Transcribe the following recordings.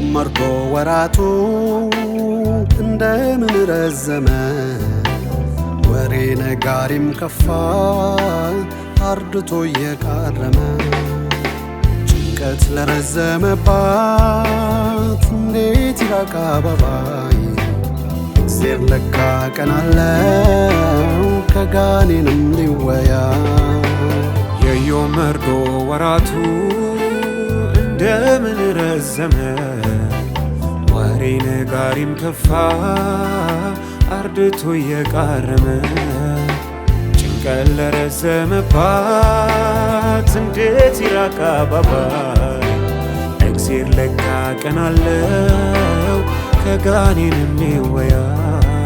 ሁሉም ወራቱ እንደምን ረዘመ? ወሬ ነጋሪም ከፋ አርድቶ እየቃረመ ጭንቀት ለረዘመባት እንዴት ይራቅ አበባይ እግዜር ለካ ቀን ከጋኔንም ሊወያ የዮ መርዶ ወራቱ ለምን ረዘመ ወሬ ነጋሪም ከፋ አርድቶ የቃረመ ጭንቀት ለረዘመባት እንዴት ይራቃ አባባል እግዜር ለካ ቀን አለው ከጋኔን የሚወያይ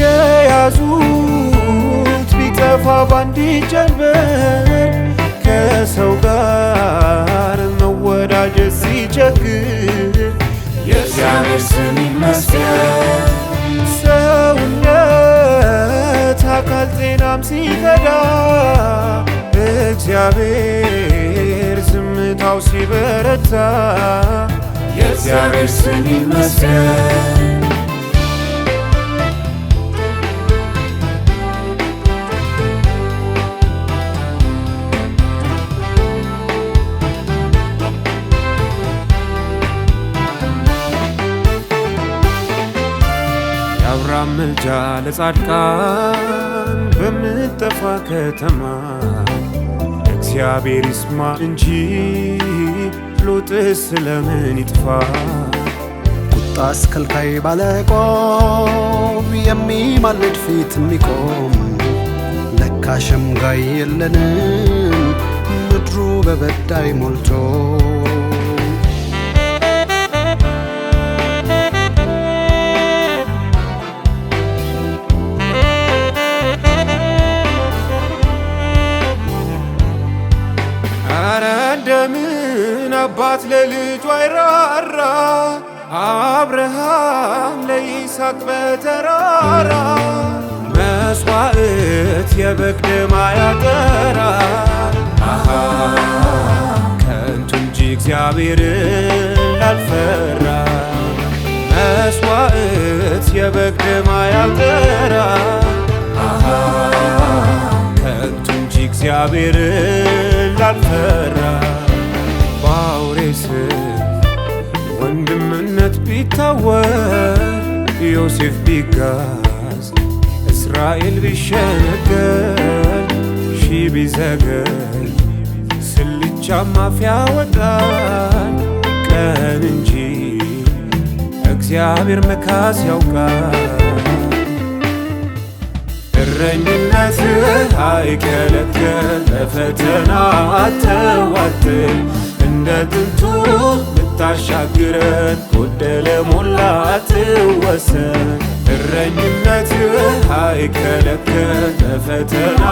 የያዙት ቢጠፋ ባንዲት ጀንበር ከሰው ጋር ስቸግር የእግዚአብሔር ስም ይመስገን። ሰውነት አካል ጤናም ሲከዳ እግዚአብሔር ዝምታው ሲበረታ የእግዚአብሔር ስም ይመስገን። የአብራም ምልጃ ለጻድቃን በምጠፋ ከተማ እግዚአብሔር ይስማ እንጂ ሎጥስ ስለምን ይጥፋ? ቁጣ አስከልካይ ባለቆም የሚማልድ ፊት የሚቆም ለካ ሸምጋይ የለንም ምድሩ በበዳይ ሞልቶ አባት ለልጁ አይራራ አብርሃም ለይስሐቅ በተራራ መስዋዕት የበግ ደም ያጠራ ከንቱ እንጂ እግዚአብሔርን ላልፈራ መስዋዕት የበግ ደም ያጠራ ከንቱ እንጂ እግዚአብሔርን ላልፈራ ቢታወር ዮሴፍ ቢጋዝ እስራኤል ቢሸነገል ሺ ቢዘገይ ስልቻ ማፊያ ወጣን ቀን እንጂ እግዚአብሔር መካስ ያውቃል። እረኝነትህ አይከለከል ለፈተና አተዋትል እንደ ጥንቱ ታሻግረን ጎደለ ሞላ አትወሰን እረኝነትህ አይከለከል በፈተና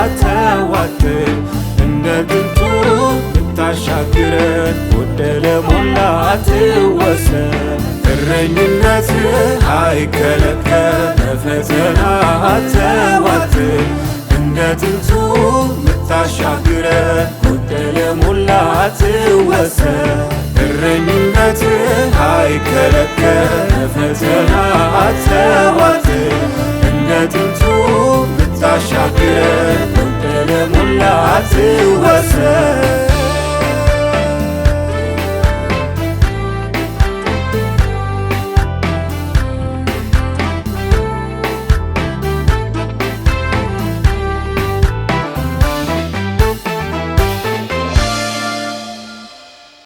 አተዋትን እንደ ጥንቱ ታሻግረን ጎደለ ሞላ አትወሰን እረኝነትህ አይከለከል በፈተና አተዋትን እንደ ጥንቱ ምታሻግረን ጎደለ ሞላ አትወሰን እረኝነት አይከለከል ፈተና አተዋት እንደ ጥንቱ